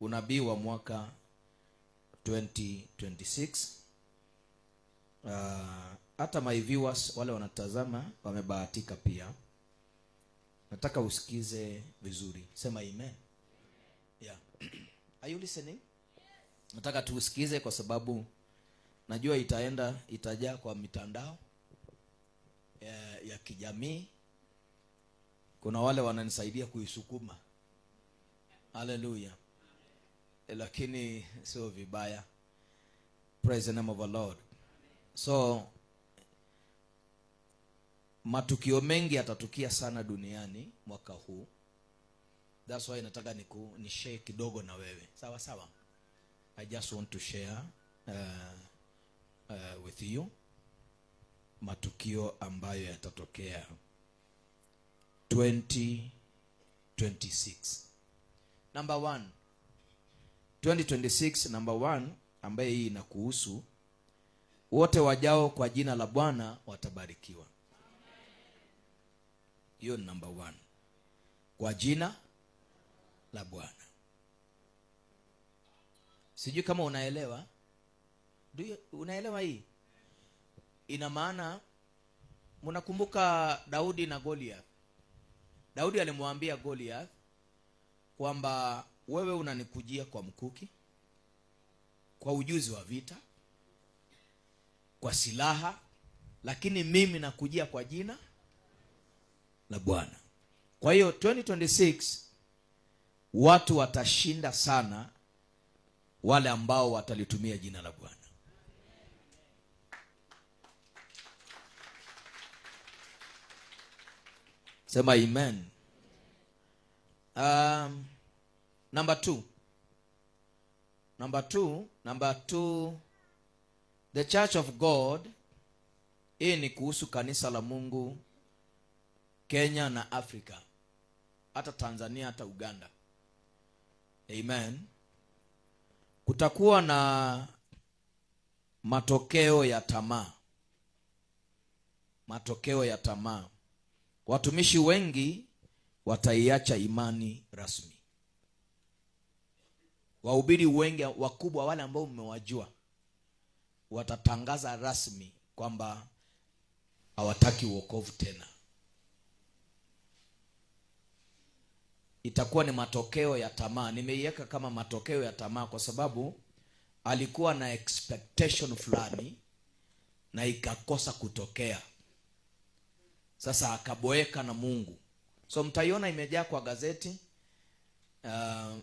unabii wa mwaka 2026. Uh, ah, hata my viewers wale wanatazama wamebahatika pia. Nataka usikize vizuri, sema amen. Yeah. Are you listening? Nataka tuusikize kwa sababu najua itaenda itajaa kwa mitandao ya, ya kijamii. Kuna wale wananisaidia kuisukuma. Haleluya lakini sio vibaya. Praise the name of the Lord. So matukio mengi yatatukia sana duniani mwaka huu. That's why nataka ni, ni share kidogo na wewe sawa sawa. I just want to share uh, uh, with you matukio ambayo yatatokea 2026. Number one, 2026 number 1 ambaye hii inakuhusu wote wajao kwa jina la Bwana watabarikiwa. Hiyo ni number 1. Kwa jina la Bwana. Sijui kama unaelewa. Ndio, unaelewa hii? Ina maana mnakumbuka Daudi na Goliath. Daudi alimwambia Goliath kwamba wewe unanikujia kwa mkuki, kwa ujuzi wa vita, kwa silaha, lakini mimi nakujia kwa jina la Bwana. Kwa hiyo 2026 watu watashinda sana wale ambao watalitumia jina la Bwana. Sema amen. Um, Number two. Number two, number two, the church of God. Hii ni kuhusu kanisa la Mungu Kenya na Afrika, hata Tanzania, hata Uganda. Amen. Kutakuwa na matokeo ya tamaa, matokeo ya tamaa. Watumishi wengi wataiacha imani rasmi. Wahubiri wengi wakubwa wale ambao mmewajua watatangaza rasmi kwamba hawataki wokovu tena. Itakuwa ni matokeo ya tamaa. Nimeiweka kama matokeo ya tamaa kwa sababu alikuwa na expectation fulani na ikakosa kutokea. Sasa akaboeka na Mungu, so mtaiona imejaa kwa gazeti uh,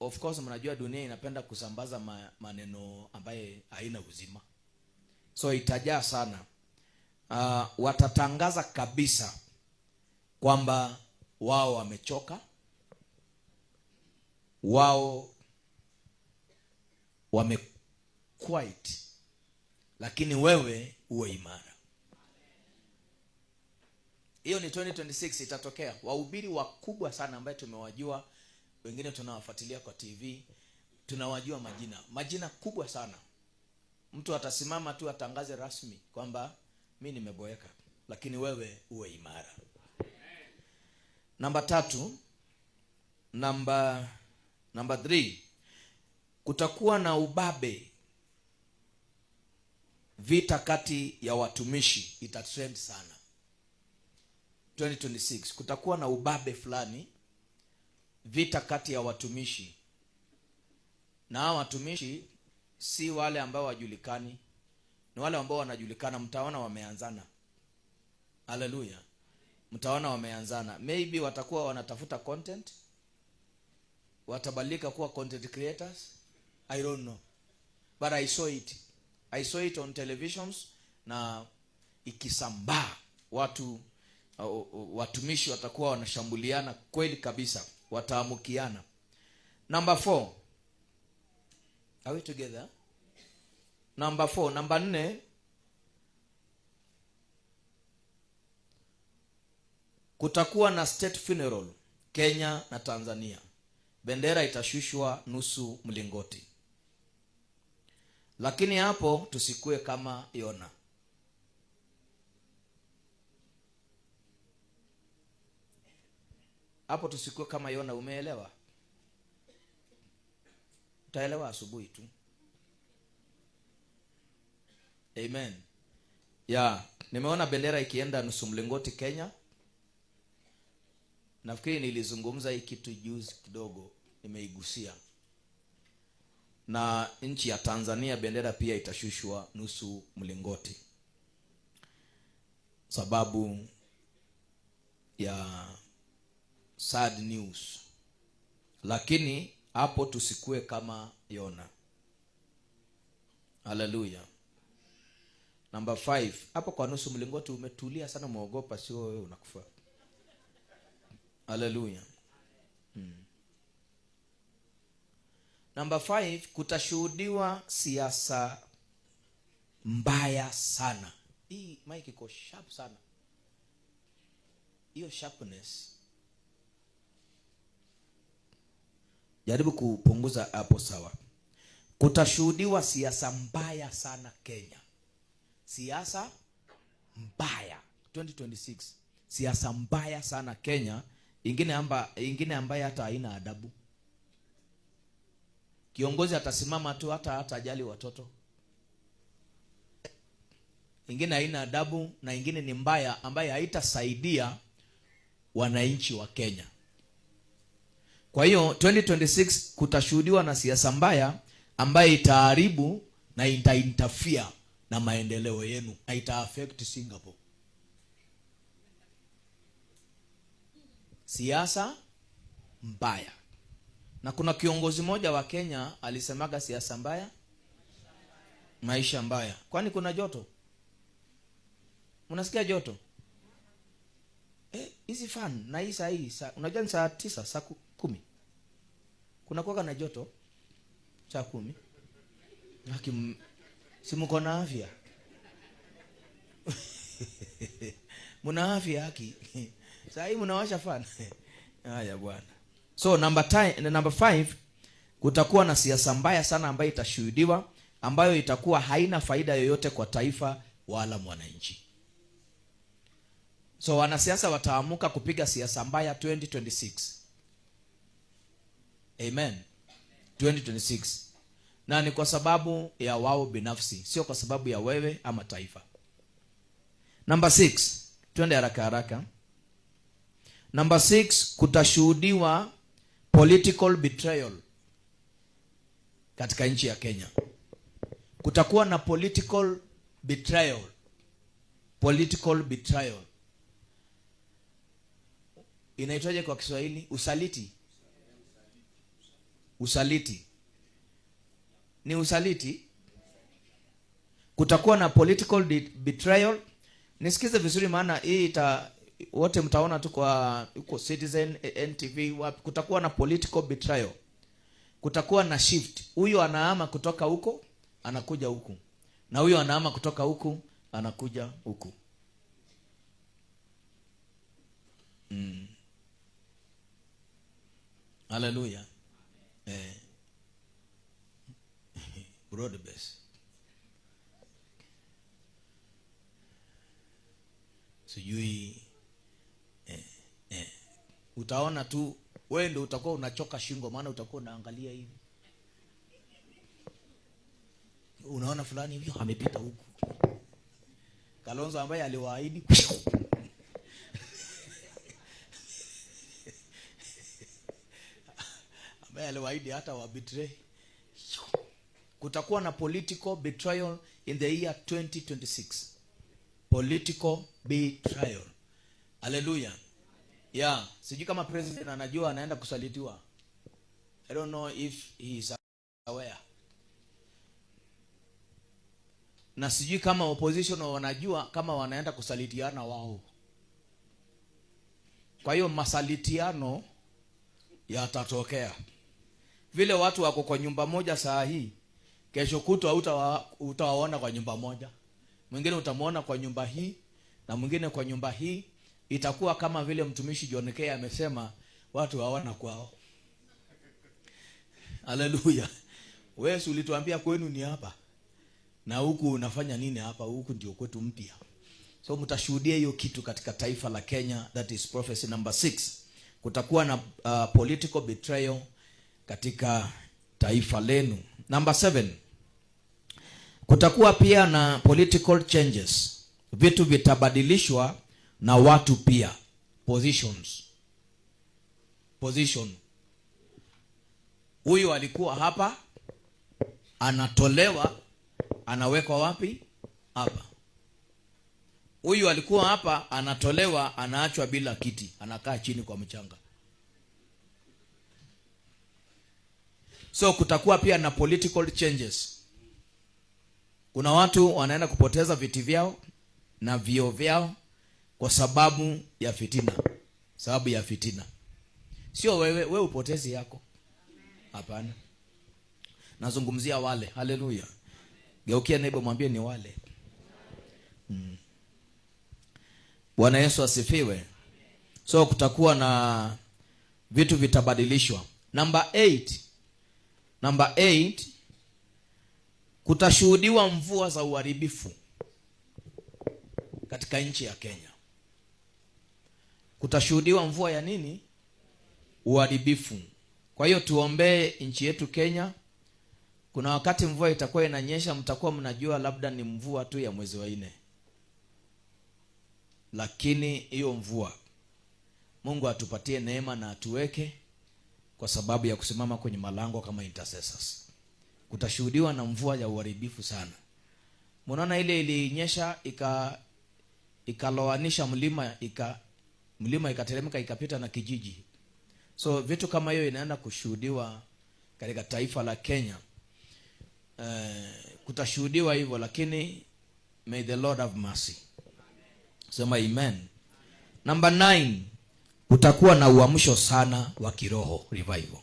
Of course mnajua dunia inapenda kusambaza ma, maneno ambaye haina uzima, so itajaa sana. Uh, watatangaza kabisa kwamba wao wamechoka, wao wame quite, lakini wewe uwe imara. Hiyo ni 2026 itatokea. Wahubiri wakubwa sana ambaye tumewajua wengine tunawafuatilia kwa TV, tunawajua majina, majina kubwa sana. Mtu atasimama tu atangaze rasmi kwamba mi nimeboeka, lakini wewe uwe imara. Namba tatu, namba namba 3 kutakuwa na ubabe, vita kati ya watumishi itatrend sana 2026. Kutakuwa na ubabe fulani vita kati ya watumishi na hawa watumishi si wale ambao wajulikani, ni wale ambao wanajulikana. Mtaona wameanzana. Haleluya, mtaona wameanzana. Maybe watakuwa wanatafuta content, watabadilika kuwa content creators. I don't know but I saw it, I saw it on televisions na ikisambaa, watu uh, uh, watumishi watakuwa wanashambuliana kweli kabisa wataamukiana Number four. Are we together? Number four. Namba nne, kutakuwa na state funeral Kenya na Tanzania. Bendera itashushwa nusu mlingoti, lakini hapo tusikue kama Yona. hapo tusikue kama Yona. Umeelewa? Utaelewa asubuhi tu. Amen ya Nimeona bendera ikienda nusu mlingoti Kenya. Nafikiri nilizungumza hii kitu juzi kidogo, nimeigusia na nchi ya Tanzania bendera pia itashushwa nusu mlingoti sababu ya sad news, lakini hapo tusikue kama Yona. Haleluya. Namba 5 hapo kwa nusu mlingoti umetulia sana, muogopa, sio wewe unakufa. Haleluya. hmm. Namba 5 kutashuhudiwa siasa mbaya sana. Hii mike iko sharp sana, hiyo sharpness Jaribu kupunguza hapo, sawa. Kutashuhudiwa siasa mbaya sana Kenya, siasa mbaya 2026, siasa mbaya sana Kenya, ingine amba, ingine ambaye hata haina adabu. Kiongozi atasimama tu hata hata ajali watoto, ingine haina adabu na ingine ni mbaya ambaye haitasaidia wananchi wa Kenya. Kwa hiyo 2026 kutashuhudiwa na siasa mbaya ambayo itaharibu na itainterfere na maendeleo yenu na ita affect Singapore. Siasa mbaya. Na kuna kiongozi mmoja wa Kenya alisemaga siasa mbaya maisha mbaya. Kwani kuna joto? Mnasikia joto? Eh, hizi eh, fan na hii saa hii saa, unajua ni saa tisa saa kumi kuna kuwaka na joto saa kumi Hakim, si mko na afya muna afya haki saa hii mnawasha fan haya bwana. So number time, number five, kutakuwa na siasa mbaya sana ambayo itashuhudiwa ambayo itakuwa haina faida yoyote kwa taifa wala mwananchi. So wanasiasa wataamuka kupiga siasa mbaya 2026. Amen. 2026. Na ni kwa sababu ya wao binafsi, sio kwa sababu ya wewe ama taifa. Number 6. Twende haraka haraka. Number 6, kutashuhudiwa political betrayal katika nchi ya Kenya. Kutakuwa na political betrayal. Political betrayal inaitwaje kwa Kiswahili? Usaliti, usaliti ni usaliti. Kutakuwa na political betrayal. Nisikize vizuri, maana hii ita wote mtaona tu kwa uko Citizen, NTV, wapi. Kutakuwa na political betrayal, kutakuwa na shift. Huyu anahama kutoka huko anakuja huku, na huyu anahama kutoka huku anakuja huku. mm haleluya eh. broad sijui eh, eh. utaona tu wewe ndio utakuwa unachoka shingo maana utakuwa unaangalia hivi unaona fulani hivyo amepita huku kalonzo ambaye aliwaahidi ambaye aliwaahidi hata wa betray. Kutakuwa na political betrayal in the year 2026. Political betrayal. Haleluya. ya Yeah, sijui kama president anajua anaenda kusalitiwa. I don't know if he is aware. Na sijui kama opposition wanajua kama wanaenda kusalitiana wao. Kwa hiyo masalitiano yatatokea. Vile watu wako kwa nyumba moja saa hii, kesho kutwa utawaona kwa nyumba moja, mwingine utamwona kwa nyumba hii na mwingine kwa nyumba hii. Itakuwa kama vile mtumishi John amesema, watu waona kwao. Haleluya! Wewe ulituambia kwenu ni hapa na huku unafanya nini hapa? Huku ndio kwetu mpya. So mtashuhudia hiyo kitu katika taifa la Kenya. That is prophecy number 6. Kutakuwa na uh, political betrayal katika taifa lenu. Number 7 kutakuwa pia na political changes, vitu vitabadilishwa na watu pia, positions position. Huyu alikuwa hapa, anatolewa, anawekwa wapi? Hapa. Huyu alikuwa hapa, anatolewa, anaachwa bila kiti, anakaa chini kwa mchanga. So kutakuwa pia na political changes. Kuna watu wanaenda kupoteza viti vyao na vio vyao kwa sababu ya fitina, sababu ya fitina. Sio wewe, we upotezi yako, hapana. Nazungumzia wale. Haleluya! Geukia neighbor, mwambie ni wale. Hmm. Bwana Yesu asifiwe. So kutakuwa na vitu vitabadilishwa. Number Namba 8 kutashuhudiwa mvua za uharibifu katika nchi ya Kenya. Kutashuhudiwa mvua ya nini? Uharibifu. Kwa hiyo tuombee nchi yetu Kenya. Kuna wakati mvua itakuwa inanyesha, mtakuwa mnajua labda ni mvua tu ya mwezi wa nne, lakini hiyo mvua Mungu atupatie neema na atuweke kwa sababu ya kusimama kwenye malango kama intercessors. Kutashuhudiwa na mvua ya uharibifu sana. Mnaona ile ilinyesha ika ikaloanisha mlima ika mlima ikateremka ikapita na kijiji. So vitu kama hiyo inaenda kushuhudiwa katika taifa la Kenya. Uh, kutashuhudiwa hivyo lakini may the Lord have mercy. Sema amen. Number nine utakuwa na uamsho sana wa kiroho revival.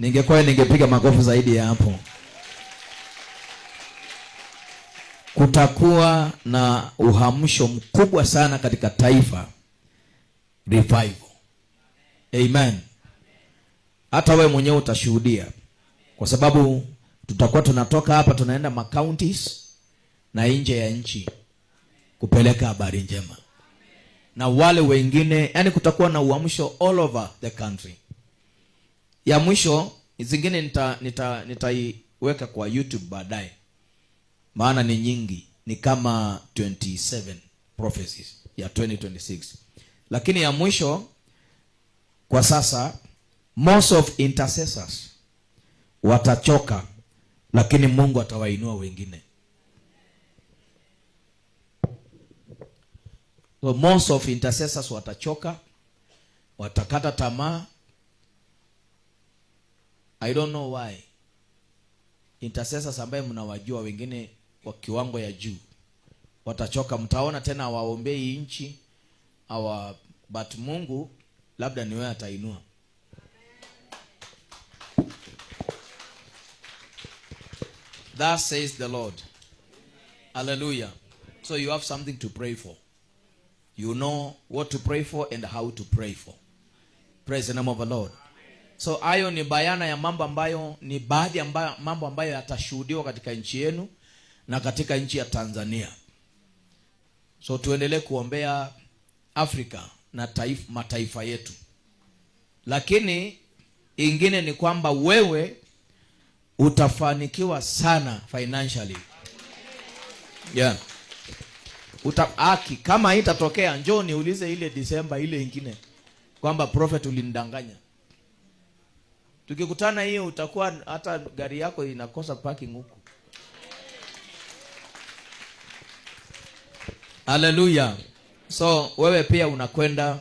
Ningekuwa ningepiga makofi zaidi ya hapo. Kutakuwa na uhamsho mkubwa sana katika taifa revival. Amen. Hata wewe mwenyewe utashuhudia, kwa sababu tutakuwa tunatoka hapa tunaenda ma counties na nje ya nchi kupeleka habari njema na wale wengine, yani kutakuwa na uamsho all over the country. Ya mwisho zingine nitaiweka nita, nitaiweka kwa YouTube baadaye, maana ni nyingi, ni kama 27 prophecies ya 2026 lakini ya mwisho kwa sasa, most of intercessors watachoka, lakini Mungu atawainua wengine. So most of intercessors watachoka, watakata tamaa. I don't know why intercessors ambaye mnawajua wengine kwa kiwango ya juu watachoka. Mtaona tena hawaombei nchi awa, but Mungu labda niwe atainua. That says the Lord. Hallelujah. So you have something to pray for. You know what to pray for and how to pray for. Praise the name of the Lord. So hayo ni bayana ya mambo ambayo ni baadhi ya mambo ambayo yatashuhudiwa katika nchi yenu na katika nchi ya Tanzania. So tuendelee kuombea Afrika na taifa, mataifa yetu. Lakini ingine ni kwamba wewe utafanikiwa sana financially. Yeah utahaki. Kama itatokea njoo niulize ile Disemba ile ingine kwamba prophet ulindanganya Tukikutana hiyo utakuwa hata gari yako inakosa parking huko. Haleluya. So wewe pia unakwenda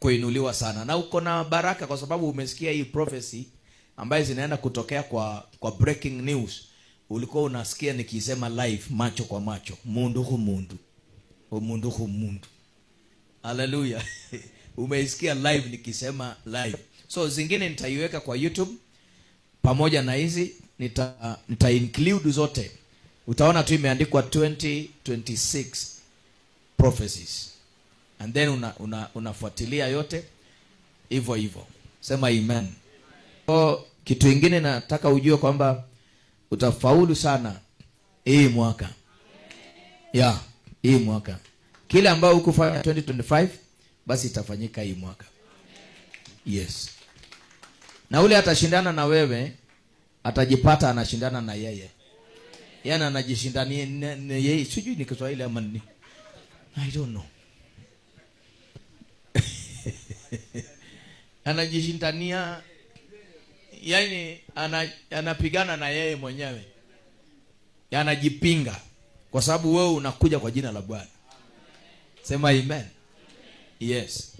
kuinuliwa sana na uko na baraka kwa sababu umesikia hii prophecy ambayo zinaenda kutokea kwa kwa breaking news. Ulikuwa unasikia nikisema live macho kwa macho, mundu kwa mundu omundu khumundu haleluya umeisikia live nikisema live so zingine nitaiweka kwa youtube pamoja na hizi nita, nita include zote utaona tu imeandikwa 2026 prophecies and then una unafuatilia una yote hivyo hivyo sema amen so, kitu ingine nataka ujue kwamba utafaulu sana hii mwaka yeah hii mwaka. Kile ambayo hukufanya 2025 basi itafanyika hii mwaka. Yes. Na ule atashindana na wewe atajipata anashindana na yeye. Yana anajishindania na yeye. Sijui ni Kiswahili ama nini. I don't know. Anajishindania yani, anapigana na yeye mwenyewe, anajipinga kwa sababu wewe unakuja kwa jina la Bwana. Sema amen. Yes.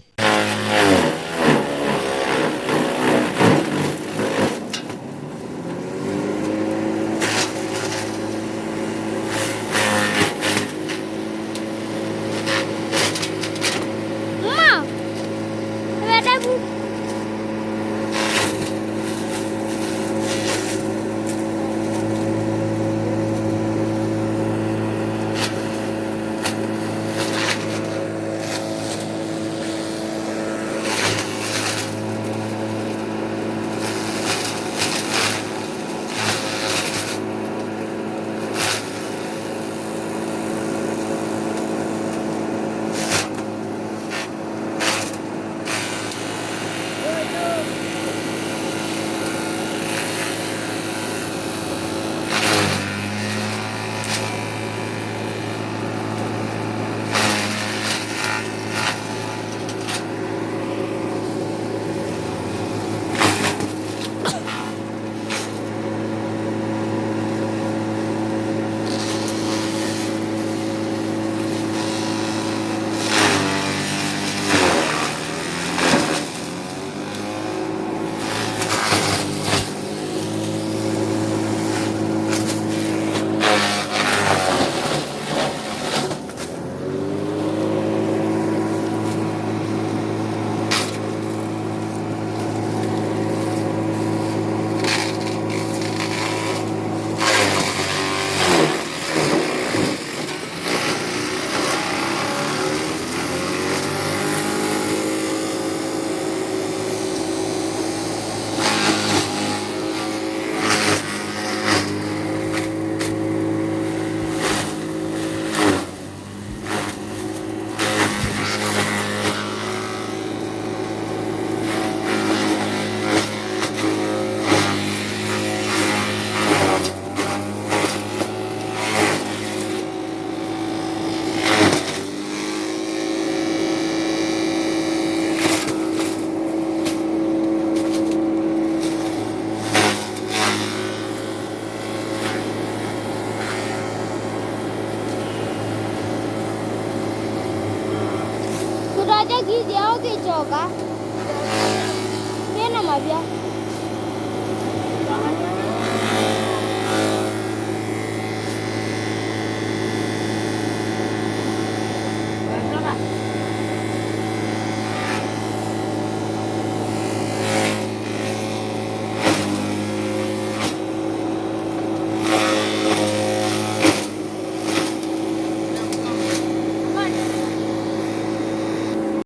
Kuraja gizi yao kichoka tena mavya